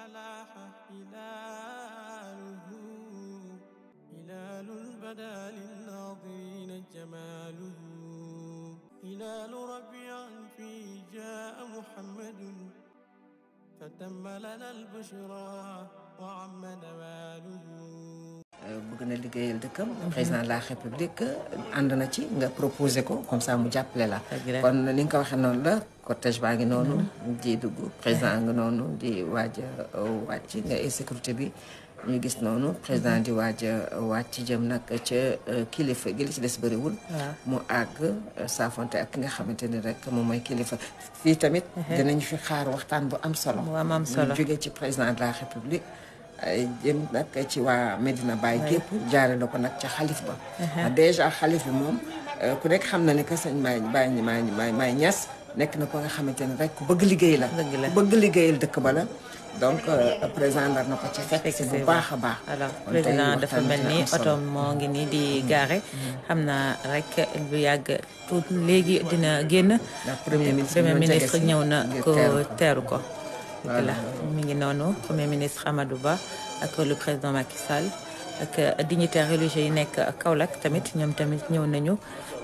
فلاح هلاله هلال بدا للناظرين جماله هلال ربيع فيه جاء محمد فتم لنا البشرى وعم نواله bëgg na liggéeyal dëkkam. président de la république euh, ànd na ci nga proposé ko comme ça mu jàppale la. kon ni nga ko waxee noonu la cortège baa ngi noonu. di dugg président nga noonu di waaj a euh, wàcc nga sécurité bi. ñu gis noonu président di waaj a euh, wàcc jëm nag ca kilifa gi li ci des bëriwul. mu àgg safonte ak ki nga xamante ni rek moom mooy kilifa. fii tamit. Mhm. dinañ fi xaar waxtaan bu am solo. mu jógee ci président de la république. jëm nag ci waa Medina Baye gépp jaare la ko nag ca xalif ba uh-huh. ah, dèjà xalif bi moom euh, ku nekk xam na ne que sëñ Baye Baye Baye Baye Niass nekk na ko nga xamante ne rek ku bëgg liggéey la ku bëgg liggéeyal dëkk ba la donc euh, président ndar na ko ci fekk si bu baax a baax alors président dafa mel ni oto moo ngi nii di mm-hmm. gaare mm-hmm. xam naa rek lu yàgg tuut léegi dina génn premier ministre ñëw na ko teeru ko voilà mi ngi premier ministre Amadou Ba ak le président Macky Sall ak euh, dignitaire religieux yi nekk Kaolack tamit ñom tamit ñew nañu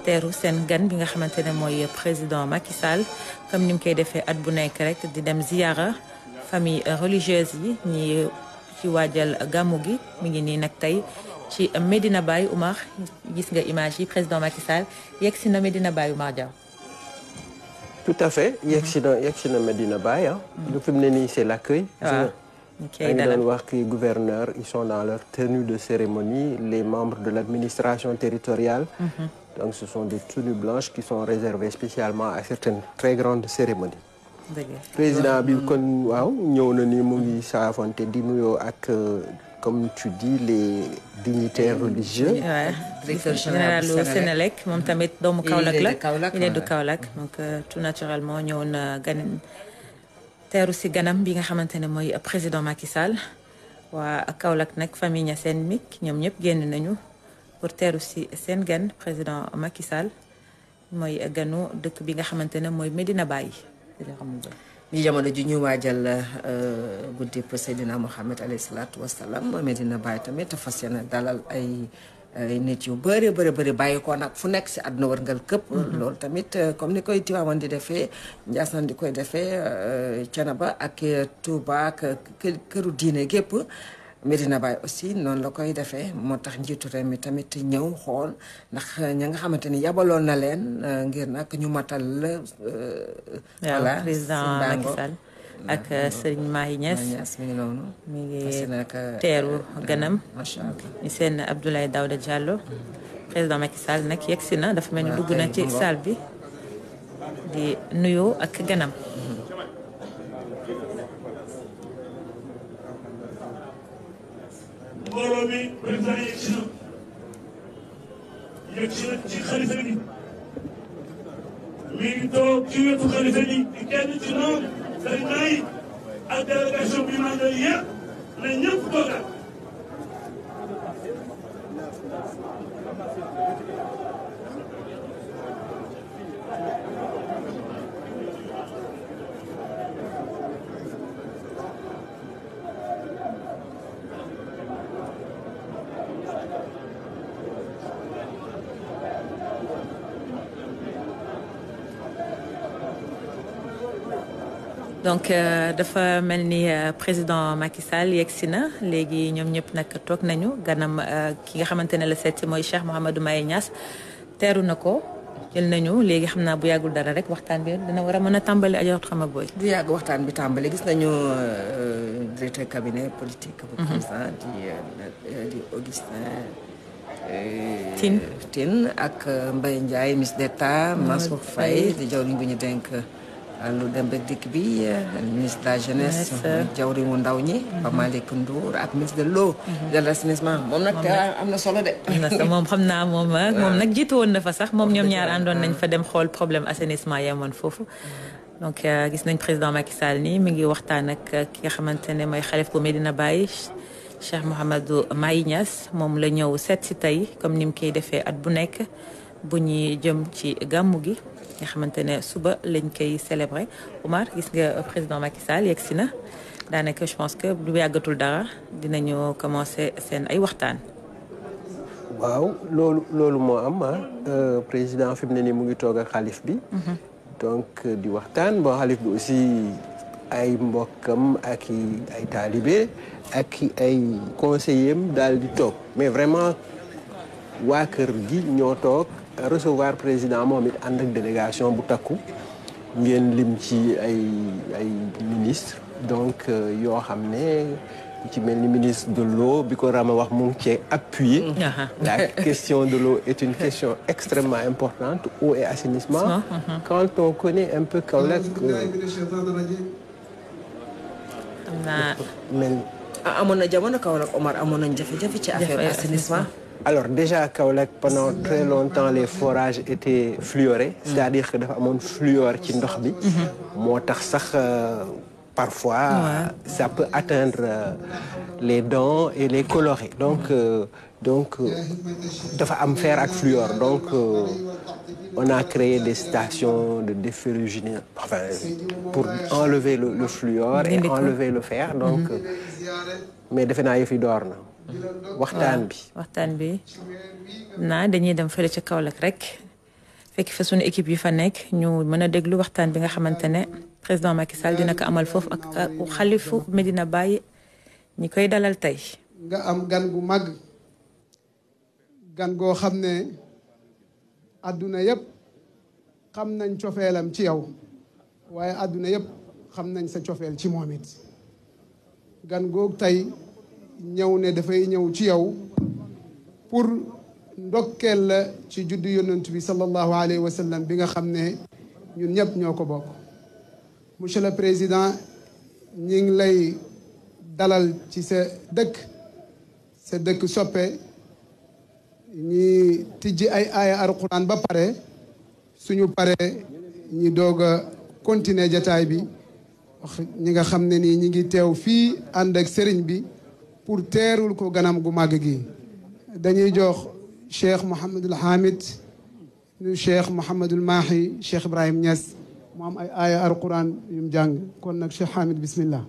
teeru sen gan bi nga xamantene moy président Macky Sall comme nim koy defee at bu nek rek di dem ziyara famille religieuse yi ñi ci waajal gamu gi mi ngi nii nag ci Medina Baye Omar, gis nga image yi président Macky Sall yegg na Medina Baye Umar Diaw tout à fait il y a yegg si na Medina l'accueil. gouverneur ils sont dans leur tenue de cérémonie les membres de l'administration territoriale. Mhm. donc ce sont des tenues blanches qui sont réservées spécialement à certaines très grandes cérémonies. président bi comme tu dis les dignitaires religieux. waaw directeur général bu Sénélec moom tamit doomu Kaolack il est de Kaolack donc euh, tout naturellement ñëwoon gan Terre aussi, ganam bi nga xamante moy président Macky Sall waa Kaolak, nag famille Niassène mi ñoom ñëpp génn nañu pour Terre aussi, seen président Macky Sall mooy ganu dëkk bi nga xamante ne Medina Baye. di jamono ji ñu waajal euh, guddi Seydina Mouhamed alayhi salaatu wasalaam Medina baay tamit fas yéene dalal ay nit yu bëri bëri bëri bàyyi ko nag fu nekk si àdduna wërngal këpp. Mm-hmm. loolu tamit euh, comme ni koy Tiwaawan di defee Ndiassane di koy defee euh, Thiénaba ak Touba ak këru diine gépp Medina Baye aussi noonu la koy defee moo tax njiitu réew mi tamit ñëw xool ndax ña nga xamante ni yabaloon na leen euh, ngir nag ñu matal la. Euh, voilà président Macky ak euh, Serigne Mahi Niass. mi ngi noonu. mi ngi teeru ganam. macha allah seen Abdoulaye Daouda Diallo. président Macky nag yegsi na dafa mel ni dugg na ci salle bi. di nuyoo ak ganam. mbooloo mi président yegg si na yegg si na ci xalifa bi mi ngi toog ci wetu xalifa bi di kenn ci noonu dañ nay ak délégation bi maa ngi yëpp na ñëpp toogal donc euh, dafa mel ni euh, président Macky Sall yegsi na léegi ñoom ñëpp nag toog nañu ganam euh, ki nga xamante ne la seet si mooy Cheikh Mouhamadou may Niass teeru na ko jël nañu léegi xam naa bu yàggul dara rek waxtaan bi dina war a mën a tàmbali ajoot xama booy bu yàgg waxtaan bi tàmbali gis nañu directeur cabinet politique bu président mhm. di Augustin Tine Tine ak mbay Ndiaye ministre d'État Mansour Faye di jawriñ bu ñu dénk lu dem ak dikk bi ministre eh. mhm. de la jeunesse jawriñu ndaw ñi ba Malick Ndour ak ministre de l'eau de moom nag am na solo de moom xam naa moom eh. moom nag jiitu woon na fa sax moom ñoom ñaar àndoon nañ fa dem xool problème assainissement yemoon foofu donc eh, gis nañ président Macky Sall nii mi ngi waxtaan ak ki nga xamante ne mooy xalif bu Medina Baye Cheikh Mouhamadou Maye moom la ñëw seet si tey comme nim mu koy defee at bu nekk bu ñuy jëm ci gàmmu gi nga xamante ne suba lañ koy célébrer Omar gis nga président Macky Sall yegg si na daanaka je pense que du yàggatul dara dinañu commencer seen ay waxtaan. waaw loolu loolu moo am ah euh, président fi mu ne nii mu ngi toog ak xalif bi. Mhm. donc euh, di waxtaan bon xalif bi aussi ay mbokkam ak i ay taalibe ak ay conseillers am daal di toog mais vraiment waa kër gi ñoo toog recevoir président Mohamed en délégation bu à coup, lim ci ministre donc il euh, xam ci ministre de l'eau bi ko appuyé la question de l'eau est une question extrêmement importante eau et assainissement quand on connaît un peu que... Alors déjà, pendant très longtemps, les forages étaient fluorés, mhm. c'est-à-dire que dafa fluor qui dormait. bi mhm. euh, parfois ça peut atteindre euh, les dents et les colorer donc euh, donc faire fer avec fluor donc on a créé des stations de déferrugination pour enlever le, fluor et enlever le fer donc mhm. mais il y waxtaan bi ah, waxtaan bi naa dañuy dem fële ci Kaolack rek fekk fa sunu équipe yi fa nekk ñu mën a déglu waxtaan bi nga xamante ne président Macky Sall dina ko amal foofu ak xalifu Medina Baye ñi koy dalal tey. nga am gan gu mag gan goo xam ne adduna yëpp xam nañ cofeelam ci yow waaye àdduna yëpp xam nañ sa cofeel ci moom it gan goog tey. ñëw ne dafay ñëw ci yow pour ndokkeel la ci juddu yonent bi sallallahu alayhi wa sallam bi nga xam ne ñun ñëpp ñoo ko bokk. monsieur le président ñi ngi lay dalal ci sa dëkk sa dëkk soppe ñi tijji ay aaya alquran ba pare suñu pare ñi doog a continuer jataay bi wax ñi nga xam ne nii ñi ngi teew fii ànd ak sëriñ bi. pour teerul ko ganam gu màgg gi dañuy jox cheikh Mouhamadul Hamid ni cheikh Mouhamadul Mahi cheikh Ibrahim nias mo am ay aya alquran yu mu jàng kon nak cheikh Hamid bismillah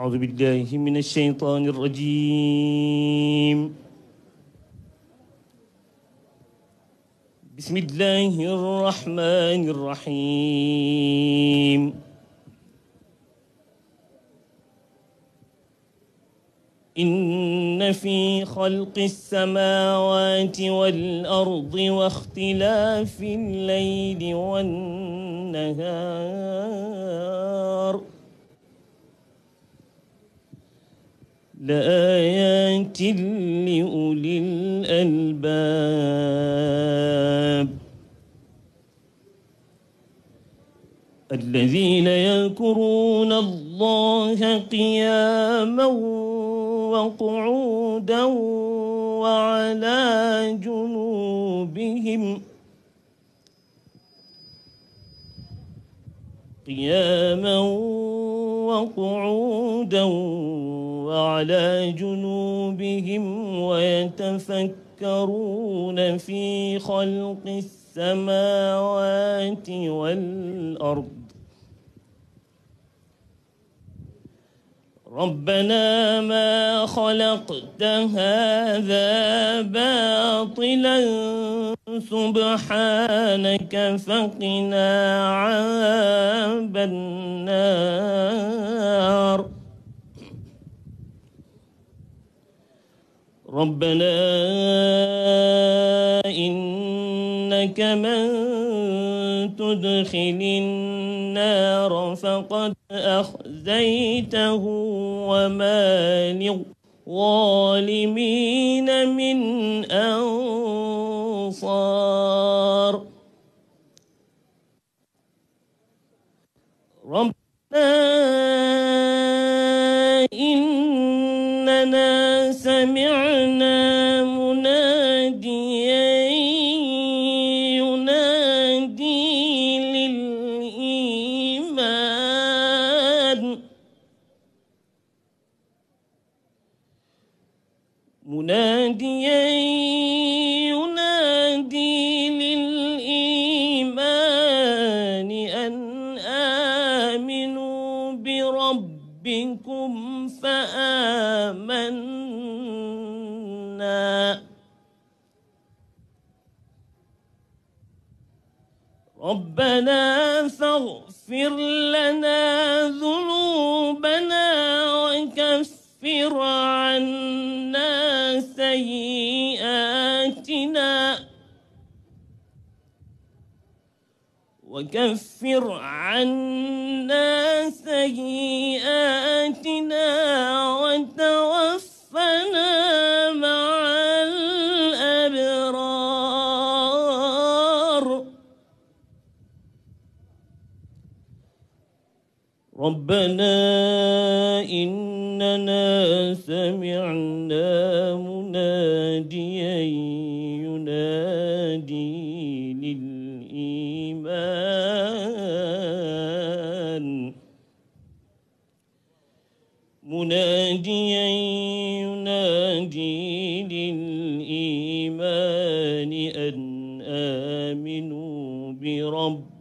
أعوذ بالله من الشيطان الرجيم بسم الله الرحمن الرحيم إن في خلق السماوات والأرض واختلاف الليل والنهار لآيات لأولي الألباب الذين يذكرون الله قياما وقعودا وعلى جنوبهم قياما وقعودا وعلى جنوبهم ويتفكرون في خلق السماوات والأرض ربنا ما خلقت هذا باطلا سبحانك فقنا عذاب النار ربنا إنك من تدخل النار فقد أخزيته وما للظالمين من أنصار ربنا يكفر عنا سيئا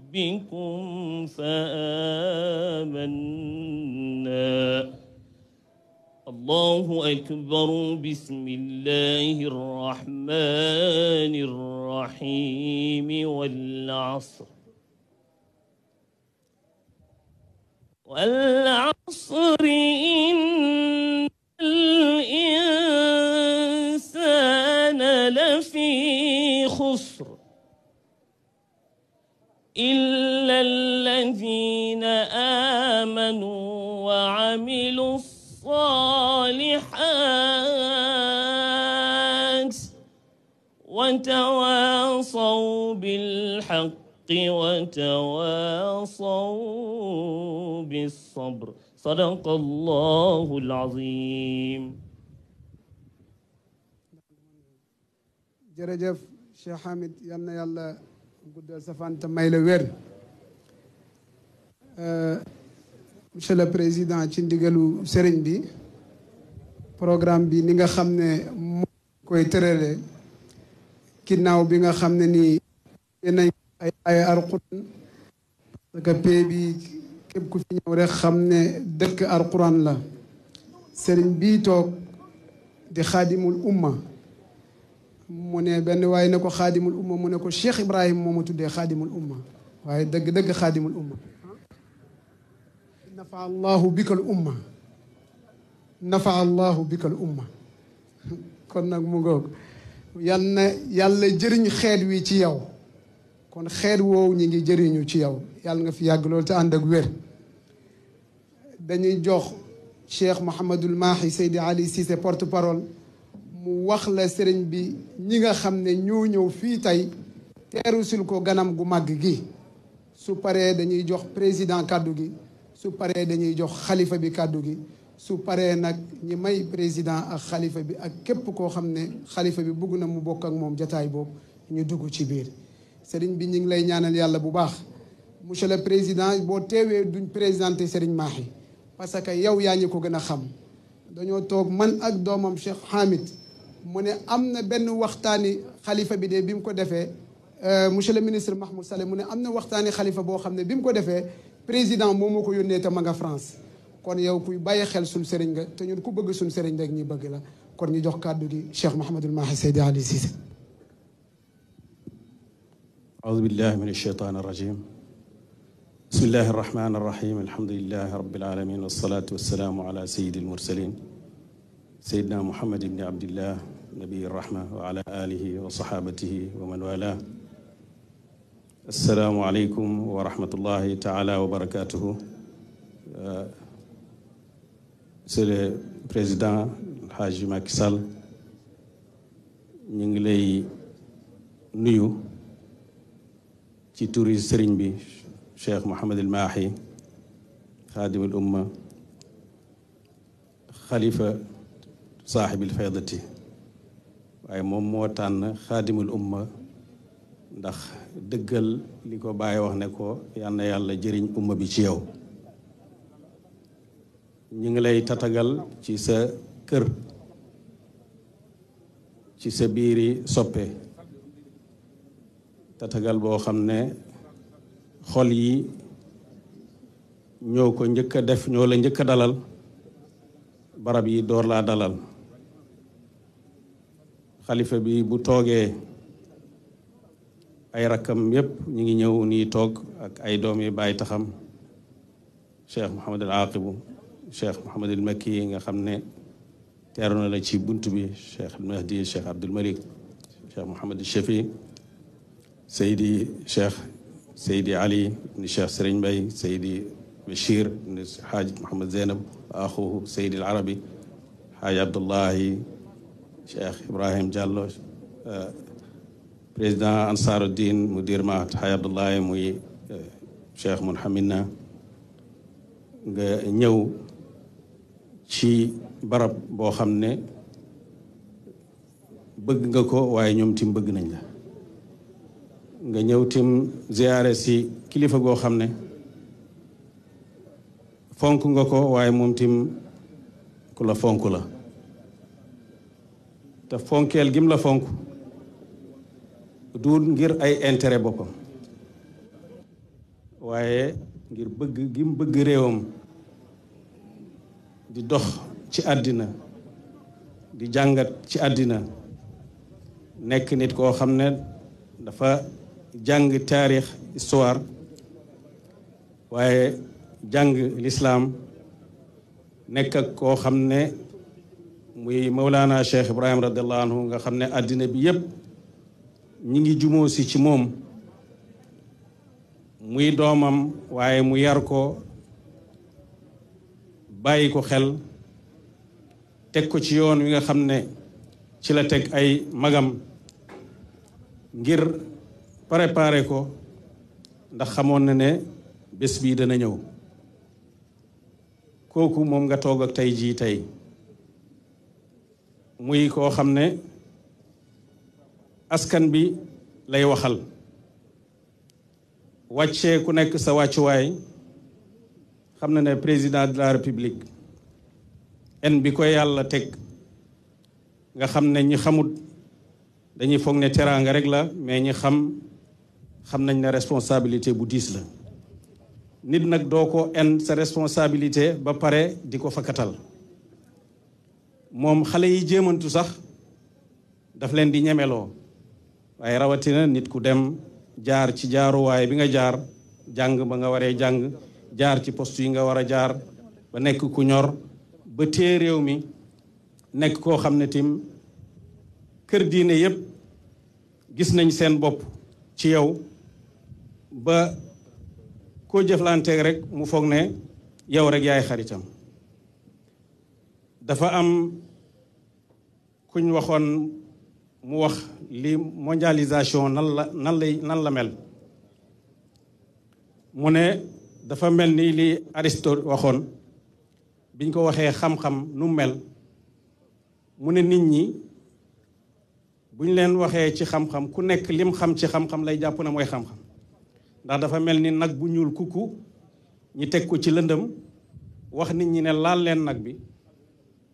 ربكم فآمنا الله أكبر بسم الله الرحمن الرحيم والعصر والعصر إن الإنسان لفي خسر إلا الذين آمنوا وعملوا الصالحات وتواصوا بالحق وتواصوا بالصبر صدق الله العظيم جرجف شيخ حامد يلا يلا guddal sa fan monsieur le président ci ndigalu sëriñ bi programme bi ni nga xam ne moo koy tërale ginnaaw bi nga xam ne nii mune ben way ne ko khadimul umma mune ko Cheikh Ibrahim momo ma khadimul umma waaye deug deug khadimul umma nafa allahu bikal umma nafa allahu bikal umma kon nak mu ngoog yalla yàlla jëriñ xeet wi ci yaw kon xeet wo ñi ngi jëriñu ci yaw yàlla nga fi yag lol ta ànd ak wér dañuy jox Cheikh Mouhamadul Mahi Seydi Ali Cissé porte-parole mu wax la sëriñ bi ñi nga xam ne ñoo ñëw fii tey teeru sul ko ganam gu màgg gi su paree dañuy jox président kàddu gi su paree dañuy jox xalifa bi kàddu gi su paree nag ñi may président ak xalifa bi ak képp koo xam ne xalifa bi bugg na mu bokk ak moom jataay boobu ñu dugg ci biir sëriñ bi ñu ngi lay ñaanal yàlla bu baax monsieur le président boo teewee duñ présenté sëriñ Mahi parce que yow yaa ñu ko gën a xam dañoo toog man ak doomam Cheikh Hamid mu ne am na benn waxtaani xalifa bi de bi mu ko defee monsieur le ministre Mahmoud Saleh mu ne am na waxtaani xalifa boo xam ne bi mu ko defee président moom moo ko yónnee te ma nga France kon yow kuy bàyyi xel suñu sëriñ nga te ñun ku bëgg suñu sëriñ rek ñi bëgg la kon ñu jox kàddu gi Cheikh Mouhamadul Mahi Seydi Ali Cissé أعوذ بالله من الشيطان الرجيم بسم الله الرحمن الرحيم الحمد لله رب العالمين والصلاة والسلام على سيد المرسلين سيدنا محمد بن عبد الله نبي الرحمة وعلى آله وصحابته ومن والاه السلام عليكم ورحمة الله تعالى وبركاته Monsieur le Président Hadji Macky Sall ñu ngi lay nuyu ci turi sëriñ bi Cheikh Mouhamadul Mahi xaadimul umma xalifa saaxibil faydati waaye moom moo tànn xaadimul umma ndax dëggal li ko bàyyi wax ne ko yal yàlla jëriñ umma bi ci yow ñu ngi lay tatagal ci sa kër ci sa biiri soppe tatagal boo xam ne xol yi ñoo ko njëkk def ñoo la njëkk a dalal barab yi door laa dalal khalifa bi bu toogee ay rakkam yépp ñu ngi ñëw nii toog ak ay doom yi bàyyi taxam cheikh mohamad al aqibu cheikh mohamad al makki yi nga xam ne la ci bunt bi cheikh al mahdi cheikh abdul malik cheikh mohamad al shafi seydi cheikh seydi ali ibni cheikh sëriñ mbay seydi bachir ibni haaj mohamad zeynab axuhu seydi al arabi haaj abdullahi Cheikh Ibrahim Diallo uh, président Ansaruddin mu dir ma Hay Abdullahi muy uh, Cheikh na nga ñëw ci barab boo xam ne bëgg nga ko waaye ñoom tim bëgg nañ la nga ñëw tim ziyaare si kilifa goo xam ne fonk nga ko waaye moom tim ku la fonk la te fonkeel gim la fonk du ngir ay intere boppam waaye ngir bëgg gim bëgg réewam di dox ci àddina di jàngat ci àddina nekk nit koo xam ne dafa jàng taarix histoire waaye jàng lislaam nekk ak koo xam ne muy Mawlana Cheikh Ibrahim radiallahu nga xam ne àddina bi yépp ñi ngi jumoo si ci moom muy doomam waaye mu yar ko bàyyi ko xel teg ko ci yoon wi nga xam ne ci la teg ay magam ngir préparer ko ndax xamoon na ne bés bii dana ñëw kooku moom nga toog ak tey jii tey muy koo xam ne askan bi lay waxal wàccee ku nekk sa wàccuwaay xam na ne président de la république en bi ko yàlla teg nga xam ne ñi xamut dañuy foog ne teraanga rek la mais ñi xam xam nañ ne responsabilité bu diis la nit nag doo ko en sa responsabilité ba pare di ko fakkatal moom xale yi jéemantu sax daf leen di ñemeloo waaye rawatina nit ku dem jaar ci jaaruwaay bi nga jaar jàng ba nga waree jàng jaar ci post yi nga war a jaar ba nekk ku ñor ba tée réew mi nekk koo xam ne tim kër diine yépp gis nañ seen bopp ci yow ba koo jëflanteeg rek mu foog ne yow rek yaay xaritam dafa am kuñ waxoon mu wax li mondialisation nan la nan lay nan la mel mu ne dafa mel ni li Aristote waxoon biñ ko waxee xam-xam nu mel mu ne nit ñi buñ leen waxee ci xam-xam ku nekk lim xam ci xam-xam lay jàpp na mooy xam-xam ndax dafa mel ni nag bu ñuul kukku ñi teg ko ci lëndëm wax nit ñi ne laal leen nag bi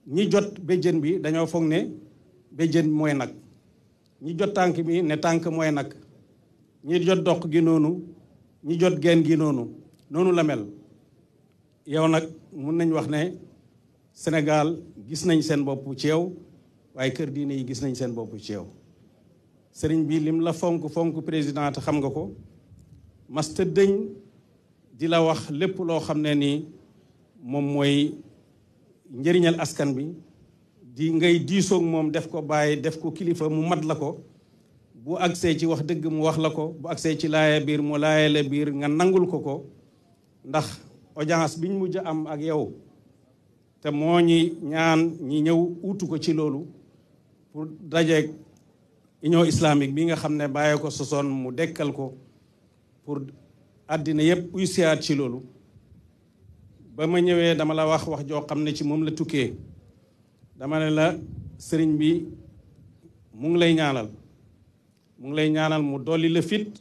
ñi jot béjjën bi dañoo foog ne béjjën mooy nag ñi jot tànk bi ne tànk mooy nag ñi jot doq gi noonu ñi jot geen gi noonu noonu la mel yow nag mun nañ wax ne Sénégal gis nañ seen bopp ci waaye kër diine yi gis nañ seen bopp ci yow sëriñ bi lim la fonk fonk président xam nga ko mas te dëñ di la wax lépp loo xam ne nii moom mooy njëriñal askan bi di ngay diisoog moom def ko bàyyi def ko kilifa mu mat la ko bu agsee ci wax dëgg mu wax la ko bu agsee ci laaya biir mu laayale biir nga nangul ko ko ndax audience ñu mujj am ak yow te moo ñi ñaan ñi ñëw uutu ko ci loolu pour dajeeg union islamique bi nga xam ne bàyyi ko sosoon mu dekkal ko pour àddina yépp uy siyaat ci loolu ba ma ñëwee dama la wax wax joo xam ne ci moom la tukkee dama ne la sëriñ bi mu ngi lay ñaanal mu ngi lay ñaanal mu dolli la fit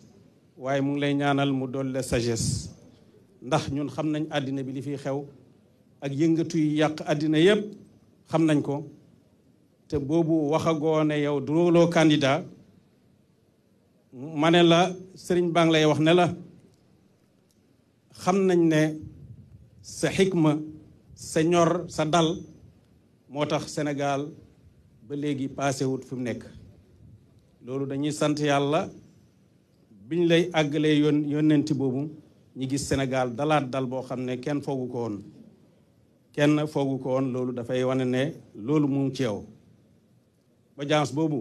waaye mu ngi lay ñaanal mu dolli la sagesse ndax ñun xam nañ àddina bi li fiy xew ak yëngatu yi yàq àddina yépp xam nañ ko te boobu waxagoo ne yow duróoloo candidat ma ne la sëriñ baa ngi lay wax ne la xam nañ ne sa xikma sa ñor sa dal moo tax senegaal ba léegi paasewut fi mu nekk loolu dañuy sant yàlla biñ lay àggalee yoon yónnenti boobu ñi gis senegaal dalaat dal boo xam ne kenn foogu ko kenn foogu ko loolu dafay wane ne loolu mu ci yow audience boobu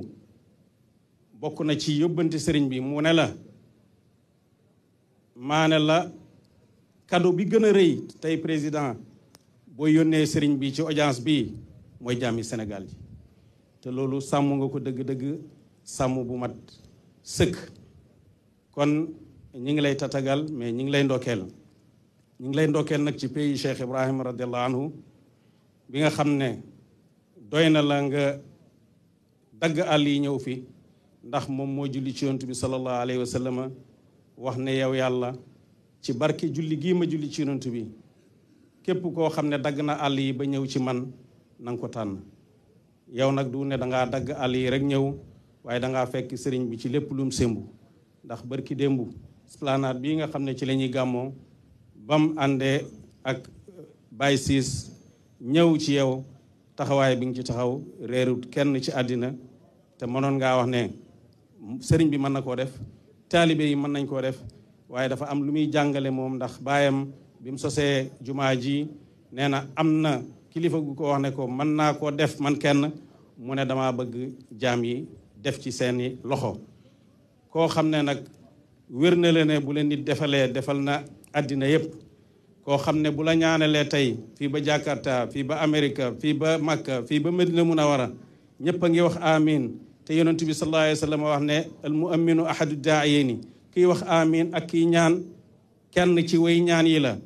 bokk na ci yóbbante sëriñ bi mu ne la maane la cadeau bi gën a rëy tey président boo yónnee sëriñ bi ci audience bi mooy jàmmi Sénégal ji te loolu sàmm nga ko dëgg-dëgg sàmm bu mat sëkk kon ñi ngi lay tatagal mais ñi ngi lay ndokkeel ñi ngi lay ndokkeel nag ci pays Cheikh Ibrahima radiallahu anhu bi nga xam ne doy na la nga dagg àll yi ñëw fi ndax moom moo julli ci yontu bi sallallahu alayhi wa wax ne yow yàlla ci barke julli gii ma julli ci yonent bi képp koo xam ne dagg na àll yi ba ñëw ci man nanga ko tànn yow nag du ne dangaa dagg àll yi rek ñëw waaye dangaa fekk sëriñ bi ci lépp lum sémbu ndax barki démbu esplanade bii nga xam ne ci lañuy gàmmoo bam àndee ak uh, Baye Ciss ñëw ci yow taxawaay bi nga ci taxaw réerut kenn ci àddina te mënoon ngaa wax ne sëriñ bi mën na koo def taalibe yi mën nañ koo def waaye dafa am lu muy jàngale moom ndax baayam bi mu sosee jumaa ji nee na am na kilifa gu ko wax ne ko mën naa koo def man kenn mu ne dama bëgg jaam yi def ci seeni loxo koo xam ne nag wér na la ne bu leen nit defalee defal na àddina yépp koo xam ne bu la ñaanalee tey fii ba Jakarta fii ba Amérique fii ba Makka fii ba Medina Munawara ñëpp a ngi wax amin te yonent bi sallallahu alayhi wa sallam wax ne al mu'minu ahadu daayini kiy wax amin ak kiy ñaan kenn ci way ñaan yi la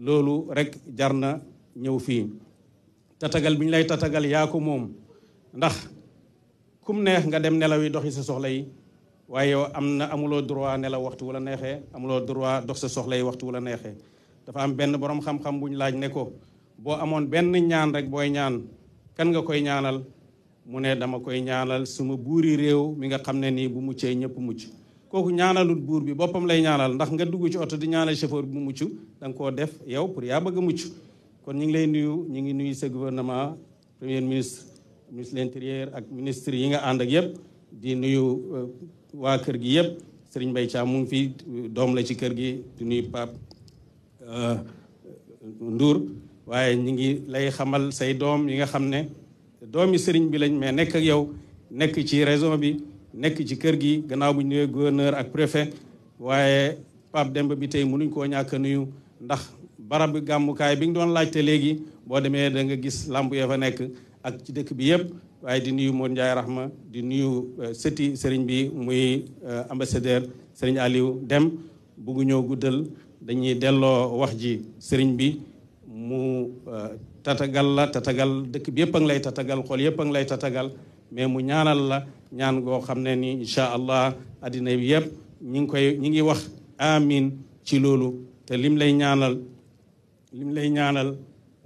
loolu rek jar na ñëw fii tatagal bi ñu lay tatagal yaa ko moom ndax kum neex nga dem nelaw yi doxi sa soxla yi waaye yow am na amuloo droit nelaw waxtu wala neexee amuloo droit dox sa soxla yi waxtu wala neexee dafa am benn boroom xam-xam bu ñu laaj ne ko boo amoon benn ñaan rek booy ñaan kenn nga koy ñaanal mu ne dama koy ñaanal suma buuri réew mi nga xam ne nii bu muccee ñëpp mucc kooku ñaanalul buur bi boppam lay ñaanal ndax nga dugg ci oto di ñaanal chauffeur bi mu danga da koo def yow pour yaa bëgg a mucc kon ñu ngi lay nuyu ñu ngi nuyu sa gouvernement premier ministre ministre de ak ministre yi nga ànd ak yëpp di nuyu euh, waa kër gi yëpp Serigne Mbaye Thiam mu ngi fi doom la ci kër gi di nuyu Pape euh, Ndour waaye ñu ngi lay xamal say doom yi nga xam ne doomi Serigne bi lañ mais nekk ak yow nekk ci région bi nekk ci kër gi gannaaw bu ñu ñëwee gouverneur ak préfet waaye Pape demb bi tey mënuñ koo ñàkk nuyu ndax barab gàmmukaay bi nga doon laajte léegi boo demee danga gis làmp yi fa nekk ak ci dëkk bi yëpp waaye di nuyu Modou Ndiaye Rahma di nuyu euh, sëti sëriñ bi muy euh, ambassadeur sëriñ Aliou Dem buggu ñëw guddal dañuy delloo wax ji sëriñ bi mu euh, tatagal la tatagal dëkk bi yëpp a ngi lay tatagal xool yëpp a ngi lay tatagal mais mu ñaanal la ñaan goo xam ne ni incha allah addina bi yëpp ñi ngi koy ñi ngi wax amin ci loolu te lim lay ñaanal lim lay ñaanal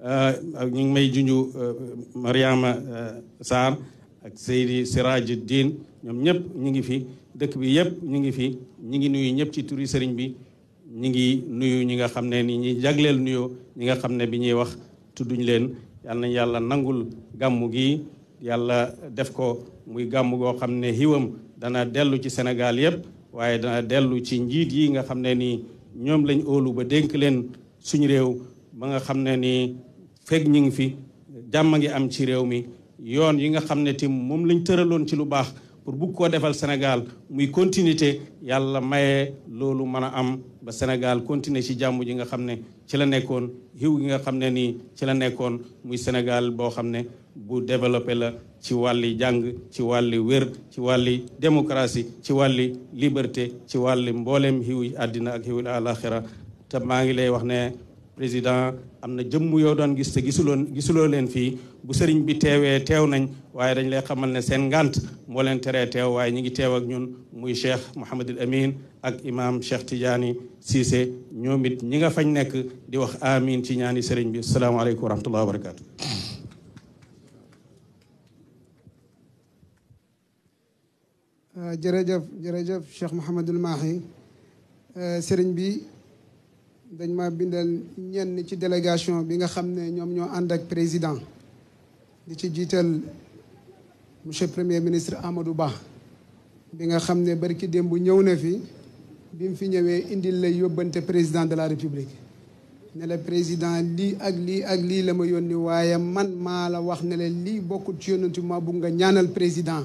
euh, ñu ngi may junju euh, Mariama euh, Sarr ak Seydi Siraju Diin ñoom ñëpp ñu ngi fi dëkk bi yëpp ñu ngi fi ñu ngi nuyu ñëpp ci turi sëriñ bi ñu ngi nuyu ñi nga xam ne ni ñi jagleel nuyoo ñi nga xam ne bi ñuy wax tudduñ leen yàlla nangul gàmmu gi yàlla def ko muy gàmm goo xam ne hiwam dana dellu ci Sénégal yëpp waaye dana dellu ci njiit yi nga xam ne ni ñoom lañ óolu ba dénk leen suñu réew ba nga xam ne ni fekk ñi ngi fi jàmm ngi am ci réew mi yoon yi nga xam ne tim moom lañ tëraloon ci lu baax pour bugg koo defal Sénégal muy continuité yàlla maye loolu mën a am ba Sénégal continuer jàmm ji nga xam ne ci la nekkoon hiw gi nga xam ne nii ci la nekkoon muy Sénégal boo xam ne bu développé la ci wàlli jàng ci wàlli wér ci wàlli démocratie ci wàlli liberté ci wàlli mbooleem xiwi àddina ak la àlaxira te maa ngi lay wax ne président am na jëmm yoo doon gis te gisuloon gisuloo leen fii bu sëriñ bi teewee teew nañ waaye dañ lay xamal ne seen ngant moo leen teree teew waaye ñu ngi teew ak ñun muy cheikh Mouhamadul Amin ak imam cheikh Tidiane Cissé ñoom it ñi nga fañ nekk di wax amin ci ñaani sëriñ bi salaamaaleykum wa rahmatullahi wa barakatu Euh, jërëjëf jërëjëf Cheikh Mouhamadul Mahi euh, sëriñ bi dañ ma bindal ñenn ci délégation bi nga xam ne ñoom ñoo ànd ak président di ci jiital monsieur premier ministre Amadou Ba bi nga xam ne bari barki bu ñëw na fi bi mu fi ñëwee indil la yóbbante président de la république ne la président lii ak lii ak lii la ma yónni waaye man maa la wax ne la lii bokkut ci yónnantu ma bugg nga ñaanal président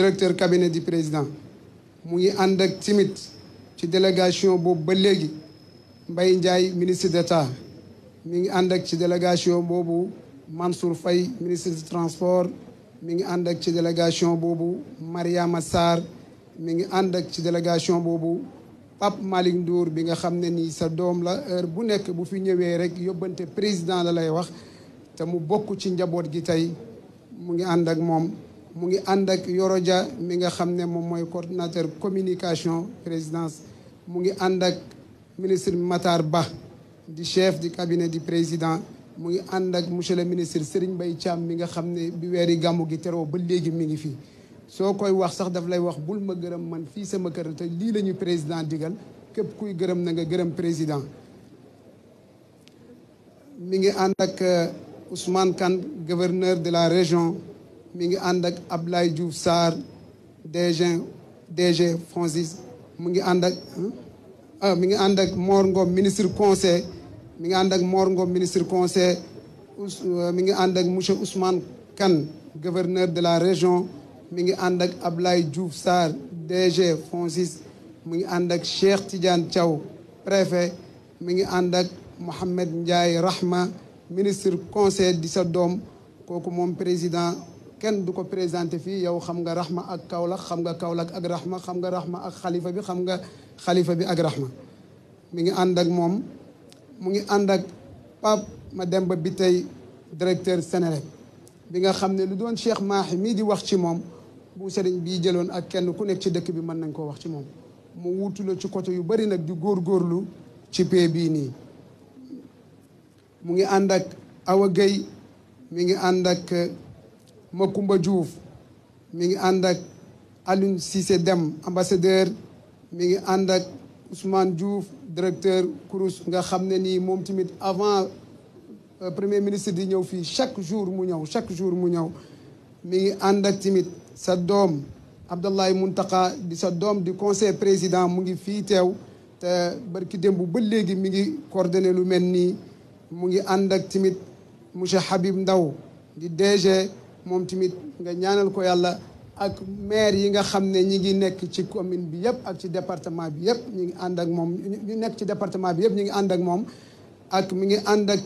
directeur cabinet du président mu ngi ànd ak timit ci délégation boobu ba léegi mbay Ndiaye ministre d'État mi ngi ànd ak ci délégation boobu Mansour fay ministre du transport mi ngi ànd ak ci délégation boobu Mariama Sarr mi ngi ànd ak ci delegation boobu Pape Malick Ndour bi nga xam ne nii sa doom la heure bu nekk bu fi ñëwee rek yóbbante président la lay wax te mu bokk ci njaboot gi tey mu ngi ànd ak moom mu ngi ànd ak Yoro Dia mi nga xam ne moom mooy coordinateur communication présidence mu ngi ànd ak ministre Matar Ba di chef di cabinet di président mu ngi ànd ak monsieur le ministre Serigne Mbaye Thiam mi nga xam ne bi weeri gàmmu gi teroo ba léegi mi ngi fii soo koy wax sax daf lay wax bul ma gërëm man fii sama kër te lii lañuy président digal képp kuy gërëm na nga gërëm président mi ngi ànd ak euh, Ousmane Kane gouverneur de la région Mingi ngi ànd ak Diouf DG DG Francis mingi andak ah ak ah, mi ak Mor Ngom ministre conseil mingi ngi ak Mor Ngom ministre conseil euh, mingi ngi ak monsieur Ousmane kan gouverneur de la région mingi ngi ànd ak Diouf DG Francis mingi ngi ak Cheikh Tidiane préfet mingi ngi Mohamed Ndiaye Rahma ministre conseil de sa dom kooku président كن دوكو بريزانتي في يو خمغا رحمة أك كاولا خمغا كاولا أك رحمة خمغا رحمة أك خليفة بي خمغا خليفة بي أك رحمة ميغي أندك موم ميغي أندك باب مدام ببيتي دريكتر سنرك بيغا خمني لدون شيخ ماحي ميدي وقتي موم bu sëriñ bi jëloon ak kenn ku nekk ci dëkk bi mën nañ koo wax ci moom mu wutu la ci côté yu bari nag di góorgóorlu ci pee bii nii mu ngi ànd ak awa gay mi ngi ànd ma Macoumba Diouf mi ngi ànd ak Alioune Cissé Dem ambassadeur mi ngi ànd ak Ousmane Diouf directeur kurus nga xam ne nii moom tamit avant euh, premier ministre di ñëw fii chaque jour mu ñëw chaque jour mu ñëw mi ngi ànd ak tamit sa doom Abdoulaye Muntaka di sa doom di conseil président mu ngi fii teew te barki démb ba léegi mi ngi coordonné lu mel nii mu ngi ànd ak tamit monsieur Habib Ndaw di DG mom timit nga ñaanal ko yalla ak maire yi nga xamne ñi ngi nekk ci commune bi yépp ak ci département bi yépp ñi ngi and ak mom ñu nekk ci département bi yépp ñi ngi and ak mom ak mi ngi and ak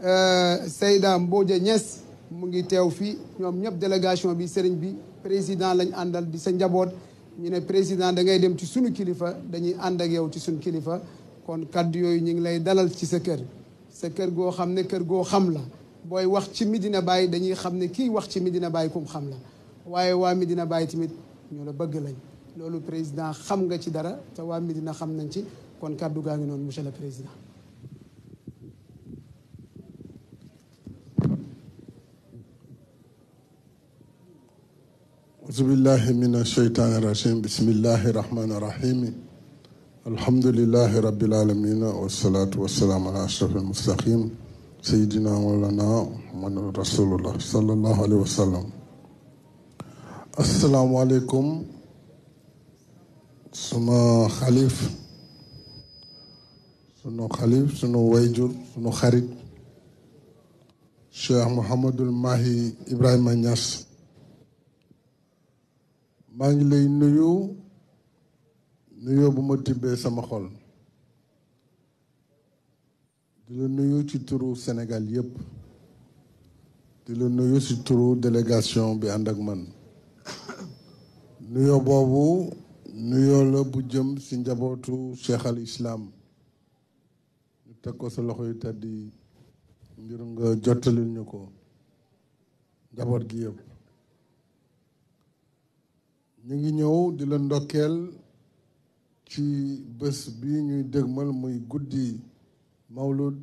euh Seyda Mbodja Niass mu ngi tew fi ñom ñep délégation bi sëriñ bi président lañ andal di sa njabot ñu né président da ngay dem ci sunu kilifa dañuy and ak yow ci sunu kilifa kon kaddu yoy ñi ngi lay dalal ci sa kër sa kër go xamne kër go xam la boy wax ci Medina Baye dañuy xamne ki wax ci Medina Baye kum xam la waye wa Medina Baye timit ñu la bëgg lañ lolu président xam nga ci dara te wa Medina xam nañ ci kon kàddu gaangi non monsieur le président. أعوذ بالله من الشيطان الرجيم بسم الله الرحمن الرحيم الحمد لله رب العالمين والصلاة والسلام على أشرف المستقيم سيدنا مولانا من رسول الله صلى الله عليه وسلم السلام عليكم سما خليف سنو خليف سنو ويجور سنو خريط شيخ محمد الماهي إبراهيم نياس مانجلي نيو نيو بمتبه سما خلن di la nuyu ci turu Sénégal yëpp di la nuyu ci turu délégation bi ànd ak man nuyo boobu nuyoo la bu jëm ci njabootu Cheikh al Islam teg ko sa loxo yu tàddi ngir nga jottalil ko njaboot gi yëpp ñu ngi ñëw di la ndokkeel ci bés bi ñuy dëgmal muy guddi mawlud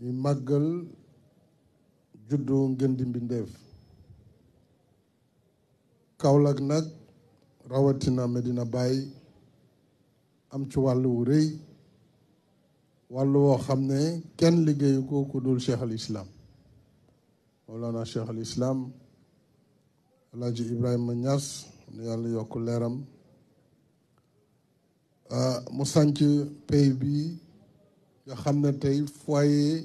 mi màggal juddoo ngën di mbindeef Kaolack nag rawatina Medina bàyyi am ci wàll wu rëy wàll woo xam ne kenn liggéeyu ko ku dul cheikh al islam mawlana cheikh al islam alhaji ibrahima Niass nu yàlla yokk leeram Euh, mu sanc pays bi yoo xam ne tey foyer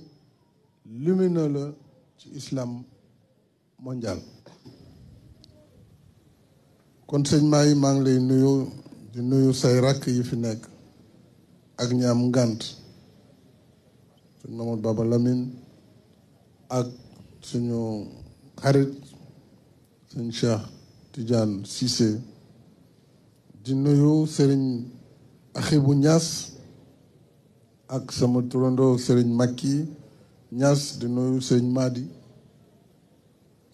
lumineux la ci islam mondial kon sëñ maa yi maa ngi lay nuyu di nuyu say rakk yi fi nekk ak ñaam ngant suñ Mamadou Baba Lamine ak suñu xarit sëñ Cheikh Tidiane Cissé di nuyu Serigne Akhibou Niass ak sama turandoo sëriñ Makki Niass di nuyu Serigne Madi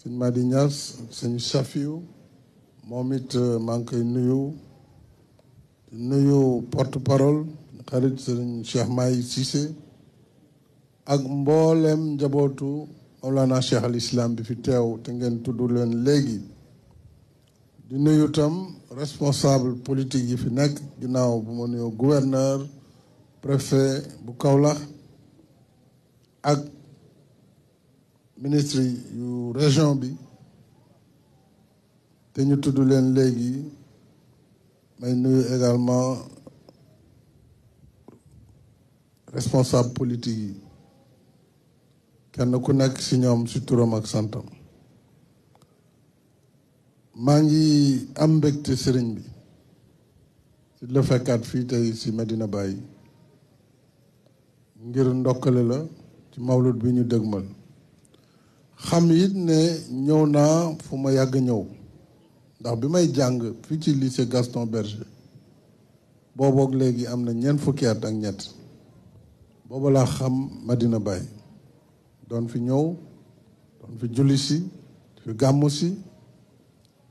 Serigne Madi Niass Serigne Safiou moom it euh, maa ngi nuyu nuyu porte parole xarit Serigne Cheikh may Cissé ak mboolem njabootu Mawlana Cheikh al Islam bi fi teew te ngeen tuddu leen léegi. di nuyu tam responsable politique yi fi nekk ginnaaw bu ma nuyoo gouverneur préfet bu Kaolack ak ministre yu région bi te ñu tudd leen léegi may nuyu également responsable politique yi kenn ku nekk si ñoom ci turam ak santam maa ngi am mbégte sëriñ bi ci la fekkaat fii tey ci Medina Baye ngir ndokkale la ci mawlud bi ñu dëgmal xam it ne ñëw naa fu ma yàgg ñëw ndax bi may jàng fii ci lycée Gaston Berger boobook léegi am na ñeent fukki at ak ñett booba laa xam Medina Baye doon fi ñëw doon fi julli si fi gàmmu si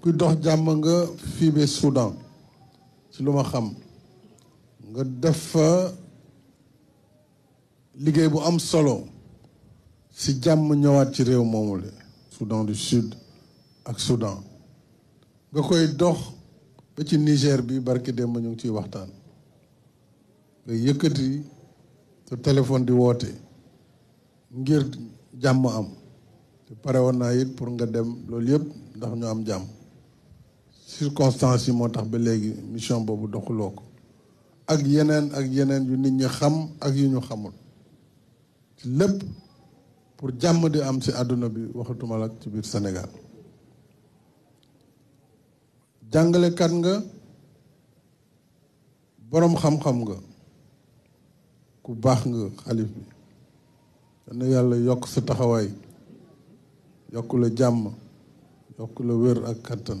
ku dox jamm nga fii ba Soudan ci luma xam nga def bu am solo si jamm ñëwaat ci réew moomu Soudan du Sud ak Soudan nga koy dox ba ci Niger bi barki dem ñu ci ciy waxtaan nga yëkkati sa di woote ngir jàmm am te pare woon naa it pour nga dem loolu yëpp ndax ñu am jàmm circonstances yi moo tax ba léegi mission bobu doxuloo ak yenen ak yenen yu nit ñi xam ak yu ñu xamul ci lepp pour jamm di am ci aduna bi waxatuma la ci biir Sénégal kat nga borom xam-xam nga ku bax nga khalif bi dana yalla yok sa taxaway yokk jamm jàmm wër ak kattan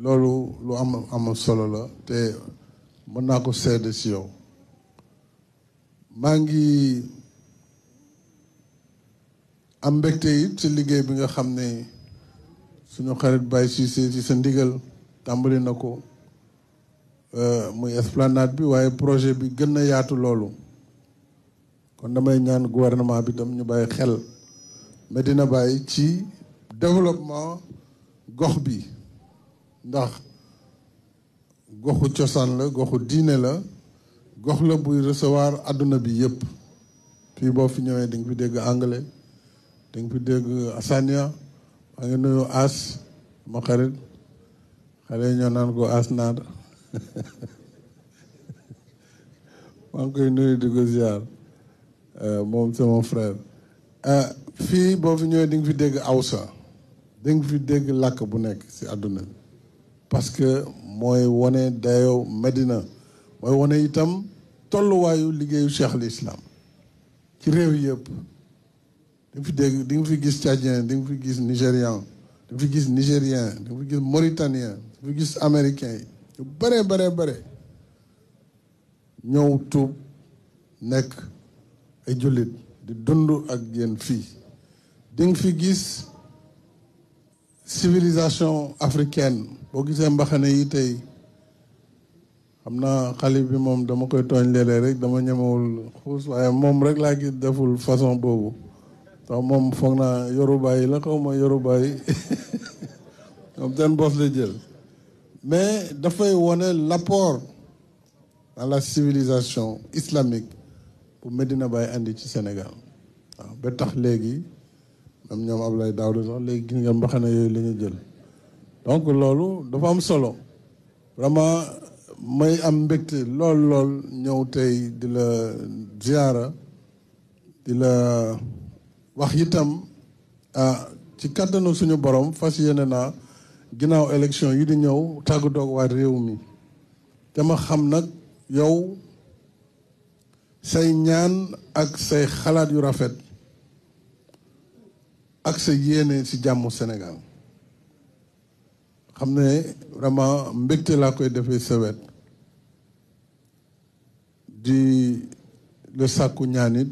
loolu lu am am solo la te mën naa ko sedd si yow maa ngi am mbégte it ci liggéey bi nga xam ne suñu xarit Baye Cissé ci sa ndigal tàmbali na ko euh, muy esplanade bi waaye projet bi gën na yaatu loolu kon damay ñaan gouvernement bi tam ñu bàyyi xel Medina bàyyi ci développement gox bi ndax goxu cosaan la goxu diine la gox la buy recevoir àdduna bi yëpp fii boo fi ñëwee di nga fi dégg anglais di nga fi dégg asania maa ngi nuyu naan ko as naat maa ngi koy nuyu di ko ziar euh, moom sama frère euh, fii boo fi ñëwee di nga fi dégg awsa di nga fi dégg làkk bu nekk ci àdduna bi parce que mooy wane dayo Medina mooy wone itam tolluwaayu liggéeyu cheikh l'islam ci rew yëpp ding fi deg ding fi gis tchadien ding fi gis nigérian ding fi gis nigérien ding fi gis mauritanien ding fi gis américain yu bare bare bare ñew tu nek ay julit di dund ak yéen fi ding fi gis civilisation africaine boo gisee mbaxane yi tey xam naa xale bi moom dama koy tooñ léeg rek dama ñemewul xuus waaye moom rek laa gis deful façon boobu tax moom foog naa yoruba yi la xaw ma yoruba yi moom den bos la jël mais dafay wone l'apport dans la civilisation islamique bu Medina Baye andi ci Sénégal waaw ba tax léegi même ñoom Ablaye Daouda sax léegi gis nga mbaxane yooyu la ñu jël donc loolu dafa am solo vraiment may am mbégte lool lool ñëw tey di la ziara di la wax itam ah, ci kàttanu suñu borom fas yéene naa ginnaaw élection yi di ñëw tàggatoog waa réew mi dama xam nag yow say ñaan ak say xalaat yu rafet ak sa yéene ci jàmmu Sénégal xam ne vraiment mbégte laa koy defee sewet di le sàkku ñaanit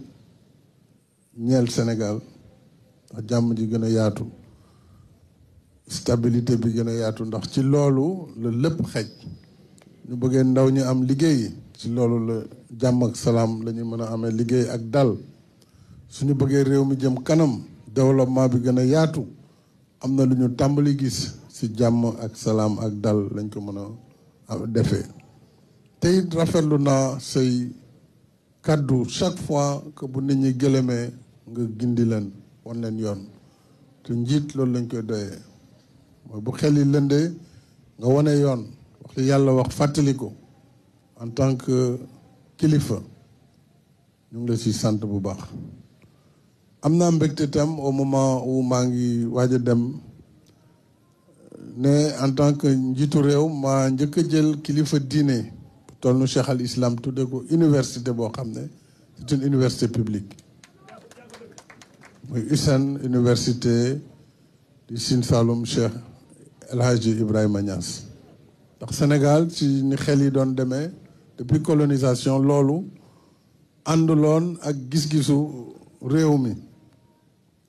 ñeel senegal ndax jàmm ji gën a yaatu stabilité bi gën a yaatu ndax ci loolu la lépp xej ñu bëggee ndaw ñi am liggéey ci loolu la jàmm ak salaam la ñu mën a amee liggéey ak dal suñu bëggee réew mi jëm kanam développement bi gën a yaatu am na lu ñu tàmbali gis si jàmm ak salaam ak dal lañ ko mën a defee te it rafetlu naa say kàddu chaque fois que bu nit ñi gëlëmee nga gindi leen wan leen yoon te njiit loolu lañ koy doyee mooy bu xel yi lëndee nga wane yoon wax li yàlla wax fàttali ko en tant que kilifa ñu ngi la si sant bu baax am naa mbégte tam moment où maa ngi waaj a dem ne en tant que njiitu rew ma njëkk a jël kilifa diine toll Cheikh al Islam tudde ko université bo xamné ne c'est une université publique moy USSEN université du Sine Saloum Cheikh El Hadji Ibrahima Niass ndax Sénégal ci ni xel yi doon depuis colonisation lolu ànduloon ak gis-gisu réew mi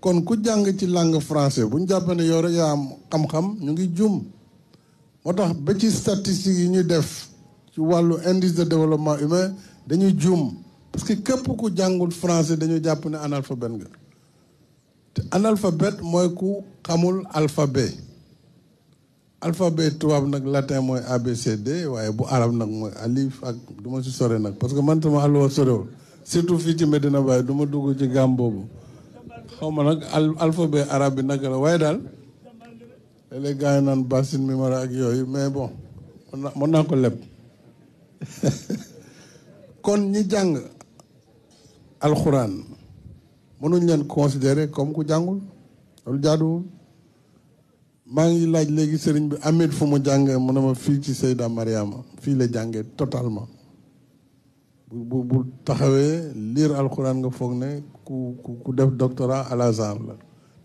kon ku jàng ci langue français bu ñu jàppee ne yow rek yaa am xam-xam ñu ngi jum moo tax ba ci statistiques yi ñuy def ci wàllu indice de développement humain dañuy jum parce que képp ku jàngul français dañuy jàpp ne analphabète nga te analphabète mooy ku xamul alphabet alphabet tubaab nag latin mooy ABCD waaye bu arab nag mooy alif ak du ma si sore nag parce que ma sama àlluwa sorewul surtout fii ci Medina Baye du ma dugg ci gàm boobu xaw ma nag alphabet arabe bi naka la waaye daal léeg-léeg yi naan basin mi mara ak yooyu mais bon mën naa ko leb kon ñi jàng alxuraan mënuñ leen considérer comme ku jàngul loolu jaaduwul maa ngi laaj léegi sëriñ bi amit fu mu jàng mu ne ma fii ci Seyda Mariama fii la jàngee totalement bu bu bu taxawee liir alxuraan nga foog ne ku ku def doctorat à l'azar la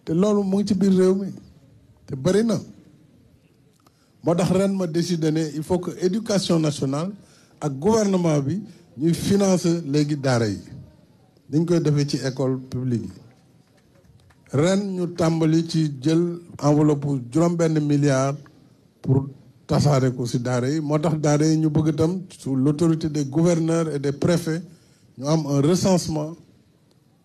te loolu mu ngi ci biir réew mi te bëri na moo tax ma décidé ne il faut que éducation nationale ak gouvernement bi ñuy financer léegi daara yi dañ koy defee ci école publique yi ren ñu tàmbali ci jël enveloppe juróom-benn milliard pour tasaare ko si daara yi moo tax daara ñu bëgg sous l'autorité des gouverneurs et des préfets ñu am un recensement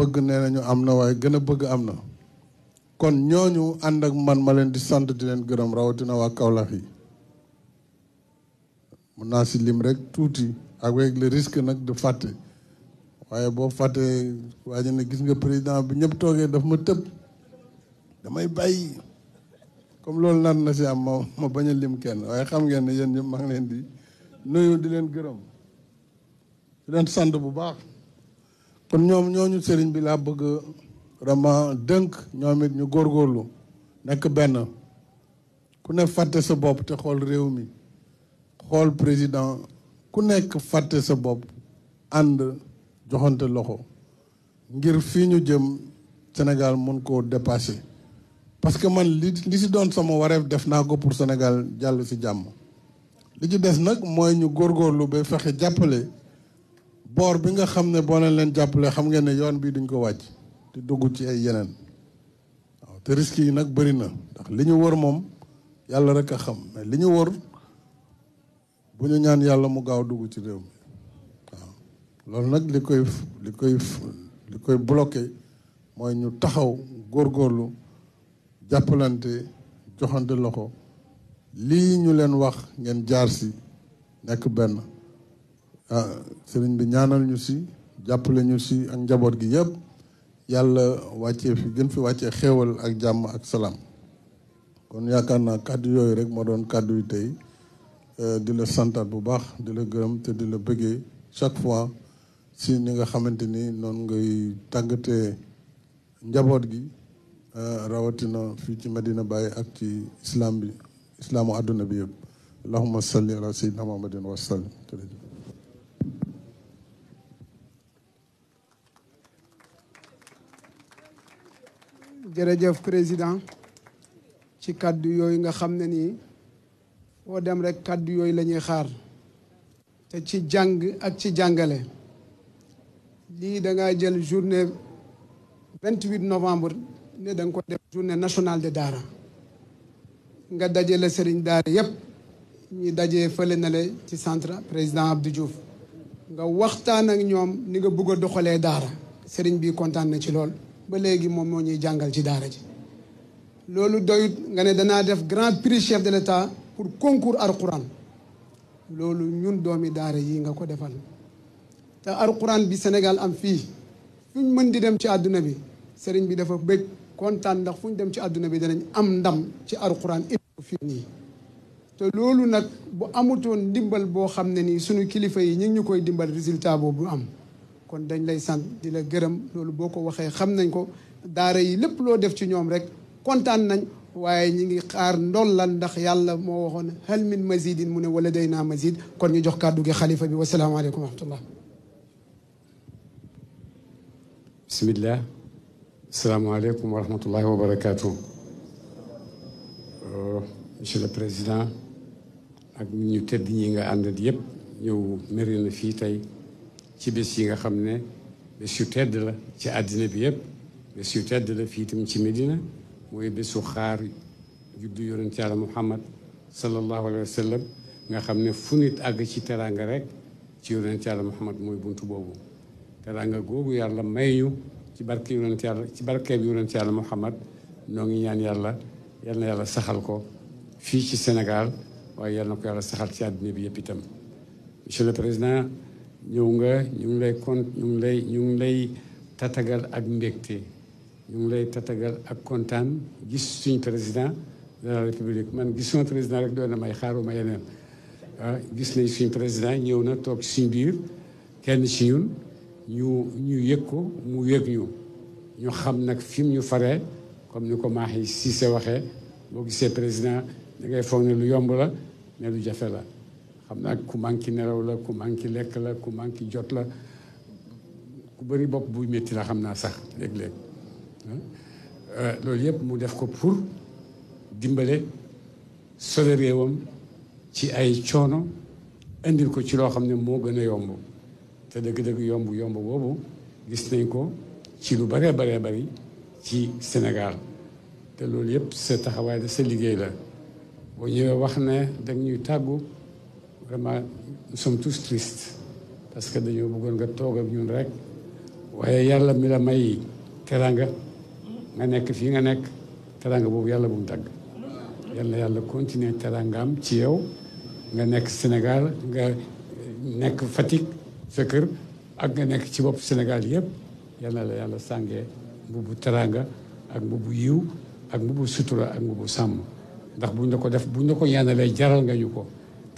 bëgg nee nañu am na waaye gën a bëgg am na kon ñooñu ànd ak man ma leen di sant di leen gërëm rawatina waa Kaolack yi mun naa si lim rek tuuti avec le risque nag du fàtte waaye boo fàttee waa ji ne gis nga président bi ñëpp toogee daf ma tëb damay bàyyi comme loolu nar na si am ma ma bañ a lim kenn waaye xam ngeen ne yéen ñëpp maa leen di nuyu di leen gërëm di leen sant bu baax kon ñoom ñooñu sëriñ bi laa bëgg vraiment dënk ñoom it ñu góor góorlu nekk benn ku ne fàtte sa bopp te xool réew mi xool président ku nekk fàtte sa bopp ànd joxante loxo ngir fii ñu jëm Sénégal mën koo dépasser parce que man li li si doon sama wareef def naa ko pour Sénégal jàll si jàmm li ci des nag mooy ñu góorgóorlu ba fexe jàppale port bi nga xam ne boo leen leen jàppale xam ngeen ne yoon bii duñ ko wàcc te dugg ci ay yeneen waaw te risques yi nag bëri na ndax li ñu wër moom yàlla rek xam li ñu wër bu ñu ñaan yàlla mu gaaw dugg ci réew mi waaw nag li koy li koy li koy bloqué mooy ñu taxaw góor góorlu jàppalante joxante loxo lii ñu leen wax ngeen jaar si nekk benn Ah, sëriñ bi ñaanal ñu si jàppale ñu si ak njaboot gi yëpp yàlla wàcce fi gën fi wàccee xéewal ak jàmm ak salaam kon yaakaar naa kàddu yooyu rek moo doon kàddu yi tey eh, di la santaat bu baax di la gërëm te di la bëggee chaque fois si ni nga xamante ni noonu ngay tàggatee njaboot gi eh, rawatina fii ci Medina Baye ak ci islam bi islaamu àdduna bi yëpp allahumma salli ala sayyidina muhammadin wa sallim jërëjëf président ci kàddu yooyu nga xam ne nii foo dem rek kàddu yooyu la ñuy xaar te ci jàng ak ci jàngale lii da nga jël journée 28 novembre ne da ko def journée nationale de daara nga daje la sëriñ daara yépp ñi daje fële na le ci centre président Abdou Diouf nga waxtaan ak ñoom ni nga bëgg a doxalee daara sëriñ bi kontaan na ci lool ba léegi moom moo ñuy jàngal ci daara ji loolu doyut nga ne danaa def grand prix chef de l'État pour concours alquran loolu ñun doomi daara yi nga ko defal te alquran bi Sénégal am fii fuñ mën di dem ci àdduna bi sëriñ bi dafa bëgg kontaan ndax fu ñu dem ci àdduna bi danañ am ndam ci alquran it fii nii te loolu nag bu amutoon ndimbal boo xam ne nii suñu kilifa yi ñu ñu koy dimbal résultat boobu am kon dañ lay sant di la gërëm loolu boo ko waxee xam nañ ko daara yi lépp loo def ci ñoom rek kontaan nañ waaye ñi ngi xaar ndol la ndax yàlla moo waxoon hal min mazidin mu ne wala day naa mazid kon ñu jox kàddu gi xalifa bi wasalaamaaleykum wa rahmatullah bismillah asalaamaaleykum wa rahmatullahi wa barakatuh monsieur le président ak ñu tedd ñi nga àndal yëpp ñëw mérina na fii tey ci bés yi nga xam ne bés yu tedd la ci àddina bi yëpp bés yu tedd la fii itam ci Medina mooy bésu xaar juddu yonent Yàlla Muhammad sallallahu alayhi wa sallam nga xam ne fu nit àgg ci teraanga rek ci yonent Yàlla Muhammad mooy buntu boobu teraanga googu yàlla may ñu ci barke yonent Yàlla ci barkeeb yonent Yàlla Muhammad noo ngi ñaan yàlla yal yàlla saxal ko fii ci senegal waaye yal na ko yàlla saxal ci àddina bi yëpp itam ñëw nga ñu ngi lay kon ñu ngi lay ñu ngi lay tatagal ak mbégte ñu ngi lay tatagal ak kontaan gis suñ président de la république man gis suñ président rek doon na may xaaruma yeneen ah gis nañ suñ président ñëw na toog suñ biir kenn ci ñun ñu ñu yëg ko mu yëg ñu ñu xam nag fi ñu faree comme ni ko Mahi Cissé waxee boo gisee président dangay foog ne lu yomb la mais lu jafe la xam naa ku manqué nelaw la ku manqué lekk la ku manqué jot la ku bari bopp buy métti la xam naa sax léeg-léeg euh, loolu yëpp mu def ko pour dimbale sole réewam ci ay coono indil ko ci loo xam ne moo gën a yomb te dëgg-dëgg yomb yomb boobu gis nañ ko ci lu baree baree bari ci senegal te loolu yëpp sa taxawaay da sa liggéey la boo ñëwee wax ne dañuy tàggu vraiment nous parce que dañoo bëggoon nga toog ak ñun rek waaye yàlla mi la may teranga nga nekk fii nga nekk teranga boobu yàlla bu mu dagg yàlla yàlla continuer terangaam ci yow nga nekk Sénégal nga nekk Fatick sa kër ak nga nekk ci bopp Sénégal yëpp yàlla la yàlla sàngee mbubu teranga ak mbubu yiw ak mbubu sutura ak mbubu sàmm ndax buñ la ko def buñ la ko ñaanalee jaral nga ñu ko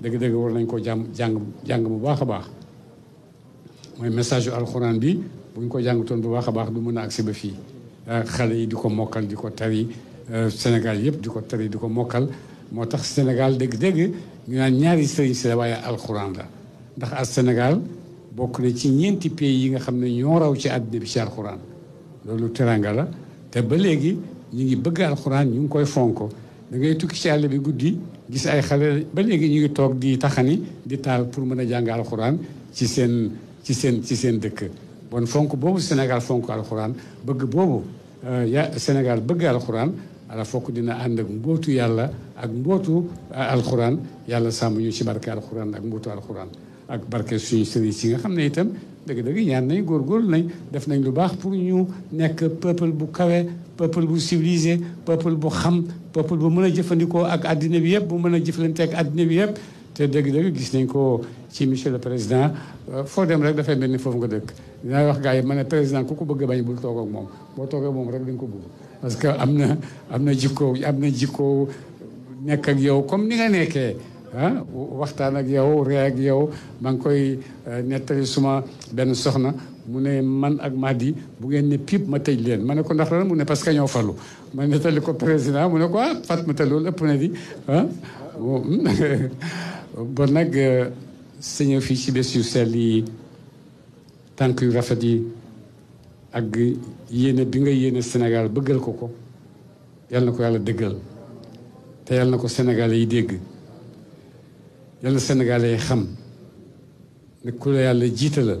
dëgg-dëgg war nañ ko jàng jàng jàng bu baax a baax mooy message yu bi buñ ko jàngatoon bu baax baax du mën a ba fii xale yi di ko mokkal di Sénégal yëpp di ko tari di ko Sénégal dëgg-dëgg ñu naan ñaari sëriñ si la waaye alxuraan ndax as Sénégal bokk na ci ñeenti pays yi nga xam ne ñoo raw ci àddina bi ci alxuraan loolu teranga la te ba léegi ñu ngi bëgg alxuraan ñu koy fonko da ngay tukki ci àll bi guddi gis ay xale ba léegi ñu ngi toog di taxani di taal pour mën a jàng alxuraan ci seen ci seen ci seen dëkk. bon fonk boobu Sénégal fonk alxuraan bëgg boobu euh, ya Sénégal bëgg alxuraan ala fokk dina ànd ak mbootu yàlla ak mbootu euh, alxuraan yàlla sàmm ñu ci barke alxuraan ak mbootu alxuraan. ak barke suñu sëriñ si nga xam ne itam dëgg-dëgg ñaan nañ góorgóorlu nañ def nañ lu baax pour ñu nekk peuple bu kawe peuple bu civilisé peuple bu xam peuple bu mën a jëfandikoo ak àddina bi yëpp bu mën a jëflante ak àddina bi yëpp te dëgg-dëgg gis nañ ko ci monsieur le président euh, foo dem rek dafay mel ni foofu nga dëkk dinaa wax gars yi mën a président ku ko bëgg bañ bul toog ak moom boo toog ak moom rek di ko bëgg parce que am na am na jikkoo am na jikkoo nekk ak yow comme ni nga nekkee ah waxtaan ak yow ree ak yow maa ngi koy euh, nettali suma benn soxna mu ne man ak Madi bu ngeen ne pipe ma tëj leen ma ne ko ndax lan mu ne parce que ñoo fallu ma nettali ko président mu ne ko ah Fatmata loolu ëpp na di ah bon nag euh, sëñëw fii ci bés yu sell yi tànk yu rafet yi ak yéene bi nga yéene Sénégal bëggal ko ko yàlla na ko yàlla dëggal te yàlla na ko Sénégalais yi dégg yàlla Sénégalais yi xam ne ku la yàlla jiitalal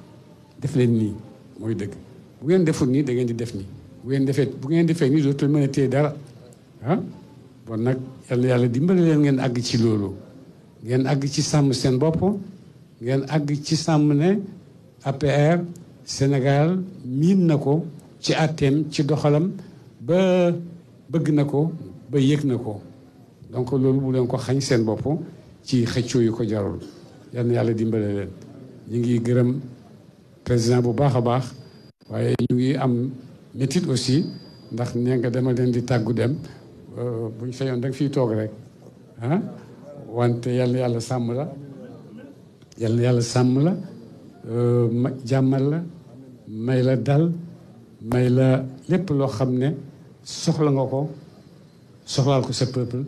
def leen nii mooy dëgg bu ngeen deful nii da ngeen di def nii bu ngeen defee bu ngeen defee nii dootul mën a téye dara ah bon nag yàlla yàlla dimbali leen ngeen àgg ci loolu ngeen àgg ci sàmm seen bopp ngeen àgg ci sàmm ne APR Sénégal miin na ko ci àtteem ci doxalam ba bëgg na ko ba yëg na ko donc loolu bu leen ko xañ seen bopp ci xëccoo yu ko jarul yal na yàlla dimbale leen ñu ngi gërëm président bu baax a baax waaye ñu ngi am métit aussi ndax nee nga dama leen di tàggu dem euh, bu ñu sañoon da nga fiy toog rek ah wante yal na yàlla sàmm la yal yàlla sàmm la euh, jàmmal la may la dal may la lépp loo xam ne soxla nga ko soxlaal ko sa peuple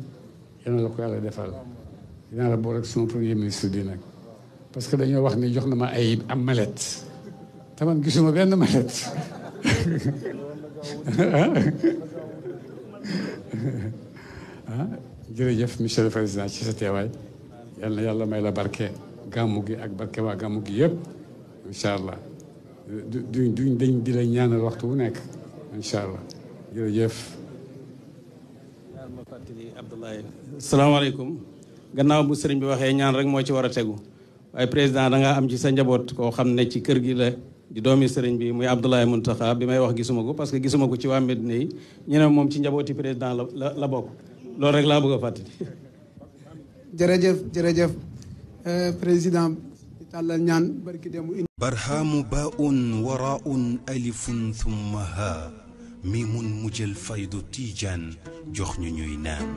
yal la ko yàlla defal dinaa la boole ak sama premier ministre di nag parce que dañoo wax ne jox na ma ay am malette. Taman ke semua kan nama dia. Jadi Jeff Michel Fariz nanti setia way. Ya Allah ya Allah mela berke. Gamu gi agbar kewa gamu yep. Insya Allah. Duin duin duin bilai nyana waktu unek. Insya Allah. Jadi Assalamualaikum. Gana Abu Sering bawa kenyang ring mau cewa rasegu. Ayah presiden anda ngah amci sanjabot hamne cikir gile di doomi sëriñ bi muy Abdoulaye Mountakha bi may wax gisuma ko parce que gisuma ko ci waa Medina yi ñeneen moom ci njabooti président la la bokk loolu rek laa bëgg a jërëjëf jërëjëf euh, président tàllal ñaan barki demu barhaamu baun waraun alifun thumma ha mi mun mujjël faydu tiijaan jox ñu ñuy naan